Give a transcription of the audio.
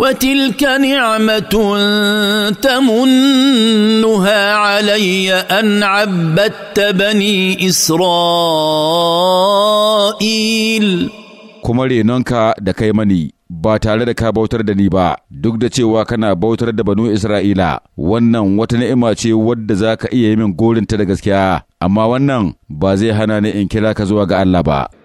وتلك نعمة تمنها علي أن عبدت بني إسرائيل kuma renonka da kai mani ba tare da ka bautar da ni ba duk da cewa kana bautar da banu isra'ila wannan wata ni'ima ce wadda za ka iya yi min gorinta da gaskiya amma wannan ba zai hana ni in kira ka zuwa ga allah ba